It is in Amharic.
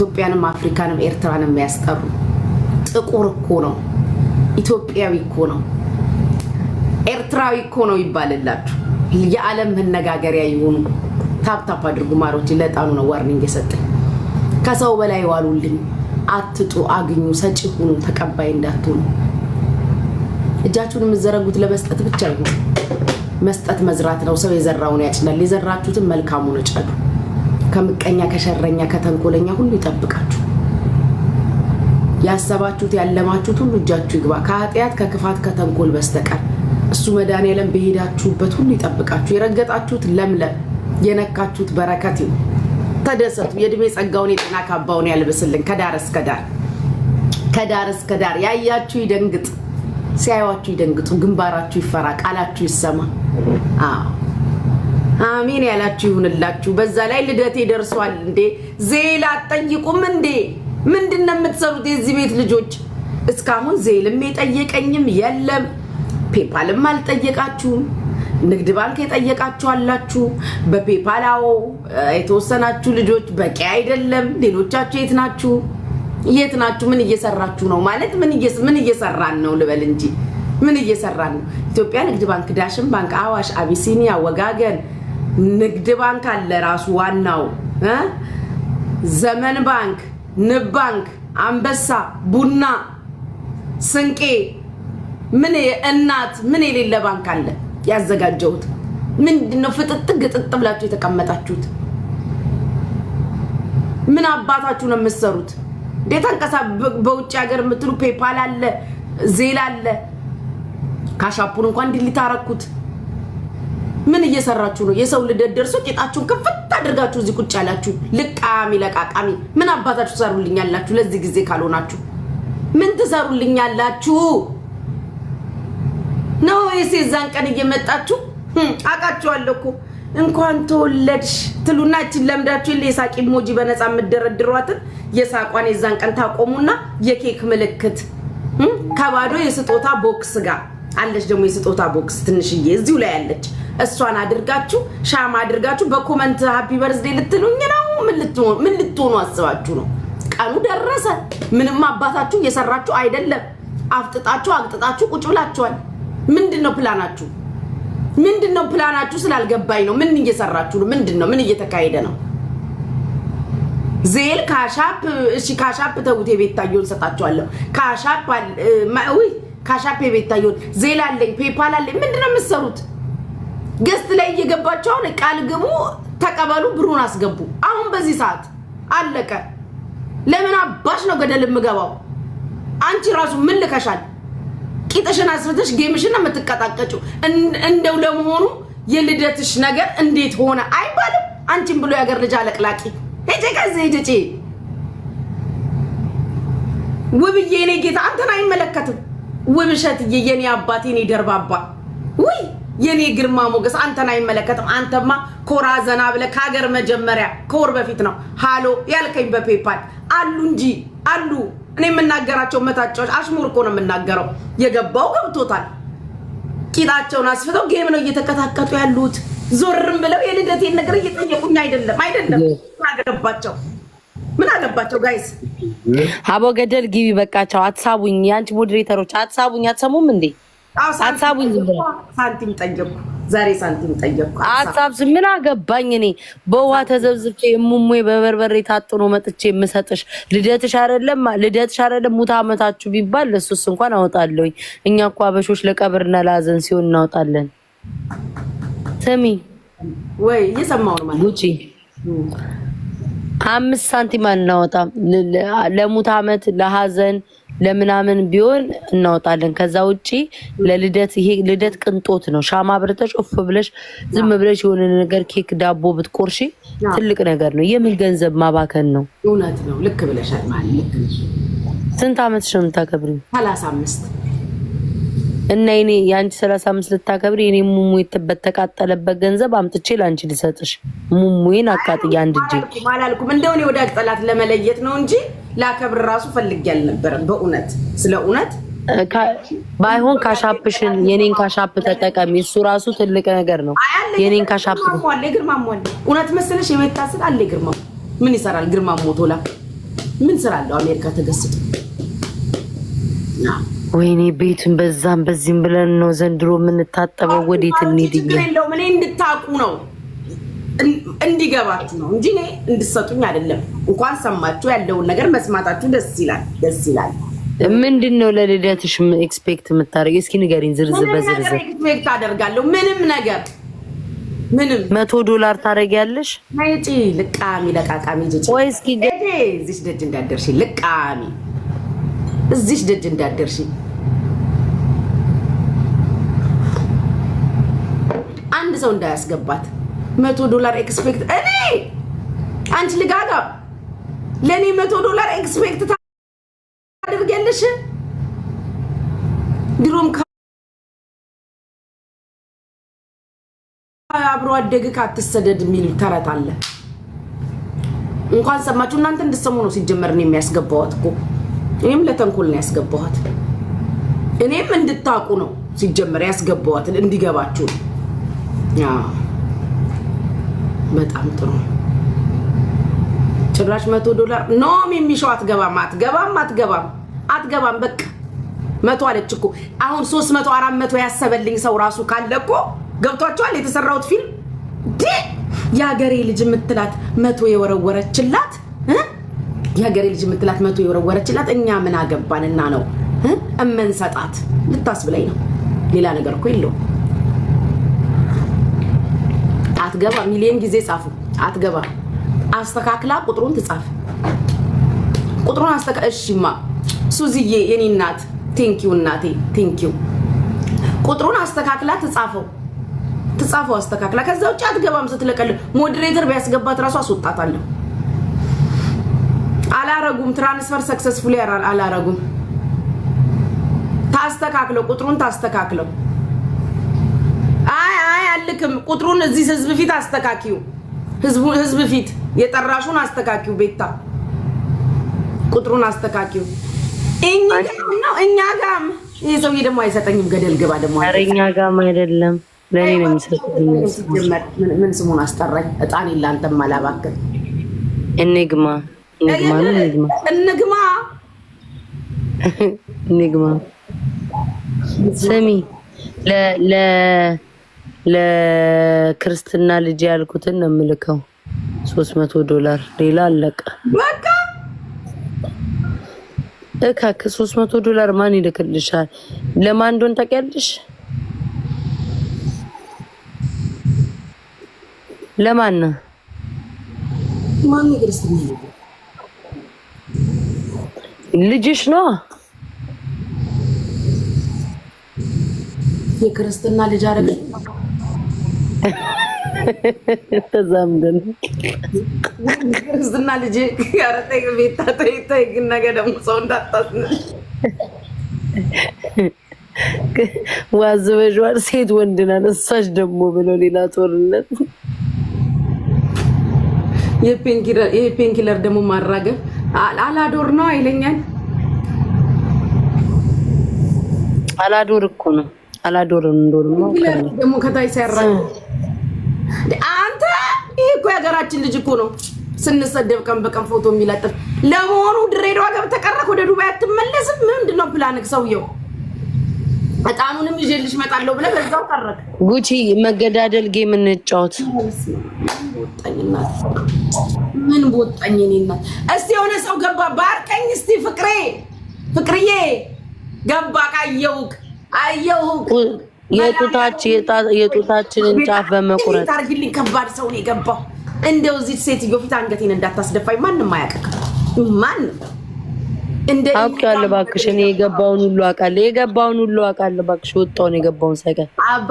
ኢትዮጵያንም አፍሪካንም ኤርትራን የሚያስጠሩ ጥቁር እኮ ነው፣ ኢትዮጵያዊ እኮ ነው፣ ኤርትራዊ እኮ ነው ይባልላችሁ። የዓለም መነጋገሪያ የሆኑ ታፕታፕ አድርጉ ማሮች። ለጣኑ ነው ዋርኒንግ የሰጠ ከሰው በላይ ዋሉልኝ፣ አትጡ፣ አግኙ፣ ሰጪ ሁኑ፣ ተቀባይ እንዳትሆኑ። እጃችሁን የምዘረጉት ለመስጠት ብቻ ይሆን። መስጠት መዝራት ነው። ሰው የዘራውን ያጭዳል። የዘራችሁትን መልካሙን እጨዱ። ከምቀኛ፣ ከሸረኛ፣ ከተንኮለኛ ሁሉ ይጠብቃችሁ። ያሰባችሁት ያለማችሁት ሁሉ እጃችሁ ይግባ፣ ከኃጢአት ከክፋት፣ ከተንኮል በስተቀር እሱ መድኃኔዓለም በሄዳችሁበት ሁሉ ይጠብቃችሁ። የረገጣችሁት ለምለም፣ የነካችሁት በረከት ይሁን። ተደሰቱ። የእድሜ ጸጋውን የጤና ካባውን ያልብስልን ከዳር እስከ ዳር ከዳር እስከ ዳር። ያያችሁ ይደንግጥ፣ ሲያዩችሁ ይደንግጡ፣ ግንባራችሁ ይፈራ፣ ቃላችሁ ይሰማ። አሜን ያላችሁ ይሁንላችሁ። በዛ ላይ ልደቴ ደርሷል እንዴ! ዜል አትጠይቁም እንዴ? ምንድን ነው የምትሰሩት የዚህ ቤት ልጆች? እስካሁን ዜልም የጠየቀኝም የለም። ፔፓልም አልጠየቃችሁም። ንግድ ባንክ የጠየቃችሁ አላችሁ። በፔፓል አዎ፣ የተወሰናችሁ ልጆች በቂ አይደለም። ሌሎቻችሁ የት ናችሁ? የት ናችሁ? ምን እየሰራችሁ ነው? ማለት ምን እየሰራን ነው ልበል እንጂ ምን እየሰራን ነው? ኢትዮጵያ ንግድ ባንክ፣ ዳሽን ባንክ፣ አዋሽ፣ አቢሲኒያ፣ ወጋገን ንግድ ባንክ አለ ራሱ ዋናው ዘመን ባንክ፣ ንብ ባንክ፣ አንበሳ፣ ቡና፣ ስንቄ ምን እናት ምን የሌለ ባንክ አለ ያዘጋጀሁት። ምንድነው ፍጥጥ ግጥጥ ብላችሁ የተቀመጣችሁት? ምን አባታችሁ ነው የምትሰሩት? እንዴት አንቀሳ በውጭ ሀገር የምትሉ ፔፓል አለ፣ ዜላ አለ። ካሻፑን እንኳን ዲሊት አረኩት። ምን እየሰራችሁ ነው? የሰው ልደት ደርሶ ቂጣችሁን ክፍት አድርጋችሁ እዚህ ቁጭ ያላችሁ ልቃሚ ለቃቃሚ ምን አባታችሁ ትሰሩልኛላችሁ? ለዚህ ጊዜ ካልሆናችሁ ምን ትሰሩልኛላችሁ ነው? ወይስ የዛን ቀን እየመጣችሁ hm፣ አውቃችኋለሁ እኮ እንኳን ተወለድሽ ትሉና እችን ለምዳችሁ የለ የሳቂ ሞጂ በነፃ የምደረድሯትን የሳቋን የዛን ቀን ታቆሙና የኬክ ምልክት hm፣ ከባዶ የስጦታ ቦክስ ጋር አለች ደግሞ የስጦታ ቦክስ ትንሽዬ እዚሁ ላይ አለች። እሷን አድርጋችሁ ሻማ አድርጋችሁ በኮመንት ሀፒ በርዝዴ ልትሉኝ ነው? ምን ልትሆኑ አስባችሁ ነው? ቀኑ ደረሰ። ምንም አባታችሁ እየሰራችሁ አይደለም። አፍጥጣችሁ አቅጥጣችሁ ቁጭ ብላችኋል። ምንድን ነው ፕላናችሁ? ምንድን ነው ፕላናችሁ? ስላልገባኝ ነው። ምን እየሰራችሁ ነው? ምንድን ነው? ምን እየተካሄደ ነው? ዜል ካሻፕ፣ እሺ ካሻፕ ተውቴ ቤት ታየውን ሰጣችኋለሁ። ካሻፕ ውይ ካሻፔ ቤታየሁን ዜላ አለኝ ፔፓል አለኝ። ምንድን ነው የምትሰሩት? ገስት ላይ እየገባቸውን ቃል ግቡ፣ ተቀበሉ፣ ብሩን አስገቡ። አሁን በዚህ ሰዓት አለቀ። ለምን አባሽ ነው ገደል የምገባው? አንቺ ራሱ ምን ልከሻል? ቂጥሽን አስፍተሽ ጌምሽን የምትቀጣቀጭው እንደው ለመሆኑ የልደትሽ ነገር እንዴት ሆነ አይባልም። አንቺም ብሎ ያገር ልጅ አለቅላቂ ሄጄ ከዚህ ሄጄ ውብዬ፣ እኔ ጌታ አንተን አይመለከትም። ውብ እሸትዬ የኔ አባት የኔ ደርባባ ውይ የኔ ግርማ ሞገስ አንተን አይመለከትም። አንተማ ኮራ ዘና ብለህ ከሀገር መጀመሪያ ከወር በፊት ነው ሃሎ ያልከኝ በፔፓል አሉ እንጂ አሉ። እኔ የምናገራቸው መታጫዎች አሽሙር እኮ ነው የምናገረው። የገባው ገብቶታል። ቂጣቸውን አስፍተው ጌም ነው እየተከታከቱ ያሉት። ዞርም ብለው የልደቴን ነገር እየጠየቁኝ አይደለም አይደለም አገባቸው ምን አለባቸው ጋይስ? አቦ ገደል ግቢ በቃቸው። አትሳቡኝ፣ የአንቺ ሞዴሬተሮች አትሳቡኝ። አትሰሙም እንዴ? አትሳቡኝ። ሳንቲም ጠየቅኩ ዛሬ ሳንቲም ጠየቅኩ። አትሳብ ምን አገባኝ እኔ። በውሃ ተዘብዝቼ የሙሙ በበርበሬ ታጥኖ መጥቼ የምሰጥሽ ልደትሽ አይደለም ልደትሽ አይደለም ሙት ዓመታችሁ ቢባል ለሱስ እንኳን አወጣለሁኝ። እኛ እኮ አበሾች ለቀብርና ለሀዘን ሲሆን እናወጣለን። ስሚ ወይ እየሰማሁ ነው ማለት ጉቺ አምስት ሳንቲም አናወጣም። ለሙት አመት፣ ለሀዘን ለምናምን ቢሆን እናወጣለን። ከዛ ውጪ ለልደት ይሄ ልደት ቅንጦት ነው። ሻማ ብርተሽ ኦፍ ብለሽ ዝም ብለሽ የሆነ ነገር ኬክ፣ ዳቦ ብትቆርሺ ትልቅ ነገር ነው። የምን ገንዘብ ማባከን ነው? እውነት ነው። ልክ ብለሻል። ማለት ልክ ነሽ። ስንት ዓመትሽ ነው የምታከብሪው? ሰላሳ አምስት እና የኔ የአንቺ ሰላሳ አምስት ልታከብሪ የኔ ሙሙ በተቃጠለበት ገንዘብ አምጥቼ ለአንቺ ልሰጥሽ። ሙሙዬን አቃጥዬ አንድ እጄ አላልኩም። እንደው እኔ ወዳጅ ጠላት ለመለየት ነው እንጂ ላከብር ራሱ ፈልጌ አልነበረም። በእውነት ስለ እውነት ባይሆን ካሻፕሽን የኔን ካሻፕ ተጠቀሚ። እሱ ራሱ ትልቅ ነገር ነው። የኔን ካሻፕ ግርማ እውነት መሰለሽ የመታስል አለ ግርማ ምን ይሰራል ግርማ ሞቶላ ምን ስራ አለው አሜሪካ ተገስቶ ወይኔ ቤቱን በዛም በዚህም ብለን ነው ዘንድሮ የምንታጠበው። ወዴት እንሄድኛል? የለውም እኔ እንድታቁ ነው እንዲገባችሁ ነው እንጂ እኔ እንድሰጡኝ አይደለም። እንኳን ሰማችሁ ያለውን ነገር መስማታችሁ ደስ ይላል፣ ደስ ይላል። ምንድን ነው ለልደትሽ ኤክስፔክት የምታደርግ? እስኪ ንገሪኝ ዝርዝር በዝርዝር። ኤክስፔክት አደርጋለሁ ምንም ነገር ምንም መቶ ዶላር ታደርጊያለሽ። ጪ ልቃሚ ለቃቃሚ ወይ እስኪ እዚህ ደጅ እንዳደርሽ ልቃሚ እዚሽ ደጅ እንዳደርሽ አንድ ሰው እንዳያስገባት መቶ ዶላር ኤክስፔክት እኔ አንቺ ልጋጋ ለእኔ መቶ ዶላር ኤክስፔክት ታደርጊያለሽ? ድሮም አብሮ አደግ ካትሰደድ የሚል ተረት አለ። እንኳን ሰማችሁ እናንተ እንድሰሙ ነው ሲጀመር የሚያስገባዋት እኮ እኔም ለተንኮል ነው ያስገባኋት። እኔም እንድታቁ ነው ሲጀመር ያስገባኋት፣ እንዲገባችሁ ነው። በጣም ጥሩ ጭራሽ መቶ ዶላር ኖም የሚሻው አትገባም፣ አትገባም፣ አትገባም፣ አትገባም። በቃ መቶ አለች እኮ አሁን ሶስት መቶ አራት መቶ ያሰበልኝ ሰው ራሱ ካለ እኮ ገብቷቸዋል። የተሰራውት ፊልም ዲ የሀገሬ ልጅ የምትላት መቶ የወረወረችላት የሀገሬ ልጅ የምትላት መቶ የወረወረችላት እኛ ምን አገባንና ነው እምንሰጣት? ልታስብላኝ ነው። ሌላ ነገር እኮ የለው አትገባ ሚሊዮን ጊዜ ጻፉ። አትገባ አስተካክላ ቁጥሩን ትጻፍ። ቁጥሩን አስተካ እሺማ ሱዝዬ የኔ እናት ቴንኪው እናቴ ቴንኪው። ቁጥሩን አስተካክላ ትጻፈው ትጻፈው አስተካክላ። ከዛ ውጭ አትገባም ስትለቀል ሞዴሬተር ቢያስገባት እራሱ አስወጣታለሁ። አላረጉም። ትራንስፈር ሰክሰስፉል አላረጉም። ታስተካክለው፣ ቁጥሩን ታስተካክለው። አይ አይ አልክም። ቁጥሩን እዚህ ህዝብ ፊት አስተካኪው፣ ህዝብ ፊት የጠራሹን አስተካኪው። ቤታ ቁጥሩን አስተካኪው። እኛ ነው እኛ ጋም። ይሄ ሰውዬ ደግሞ አይሰጠኝም። ገደል ግባ ደግሞ። እኛ ጋም አይደለም ለኔ ነው የሚሰጠኝ። ምን ስሙን አስጠራኝ። እጣን የለ አንተም እኔ ግማ ንግማ ነው ንግማ ንግማ ንግማ። ስሚ ለ ለክርስትና ልጅ ያልኩትን ነው የምልከው። ሶስት ዶላር ሌላ አለቀ። በቃ እካ ከሶስት ዶላር ማን ይልክልሻል? ለማን እንደሆነ ታውቂያለሽ? ለማን ነው? ማን ክርስትና ልጅሽ ነው የክርስትና ልጅ አረግ ተዛምደን ክርስትና ልጅ ያረጠ ቤታ ተይታይ ግን ነገ ደግሞ ሰው እንዳታስነ ዋዝበዥዋል ሴት ወንድና ነሳሽ ደግሞ ብለው ሌላ ጦርነት ይሄ ፔንኪለር ደግሞ ማራገብ አላዶር ነው አይለኛል። አላዶር እኮ ነው አላዶር ደግሞ ከታች ሲያራግብ አንተ ይሄ እኮ የሀገራችን ልጅ እኮ ነው ስንሰደብ ቀን በቀን ፎቶ የሚለጥፍ ለመሆኑ ድሬዳዋ ገብተህ ቀረህ? ወደ ዱባይ አትመለስም? ምንድን ነው ፕላንክ? ሰውየው እጣኑንም ይዤልሽ እመጣለሁ ብለህ በዛው ቀረህ። ጉቺ መገዳደል ጌም እንጫወት። ቦጣኝ እናት፣ ምን ቦጣኝ እኔ እናት። እስቲ የሆነ ሰው ገባ ባርከኝ እስቲ ፍቅሬ፣ ፍቅርዬ ገባ ካየሁክ፣ የጡታችንን ጫፍ በመቁረጥ ታርግልኝ። ከባድ ሰው ነው የገባው። እንደው እዚህ ሴትዮ ፊት አንገቴን እንዳታስደፋኝ። ማንም አያውቅም፣ ማንም አውቄዋለሁ። እባክሽ እኔ የገባውን ሁሉ አውቃለሁ፣ የገባውን ሁሉ አውቃለሁ። እባክሽ ወጣውን የገባውን ሳይቀር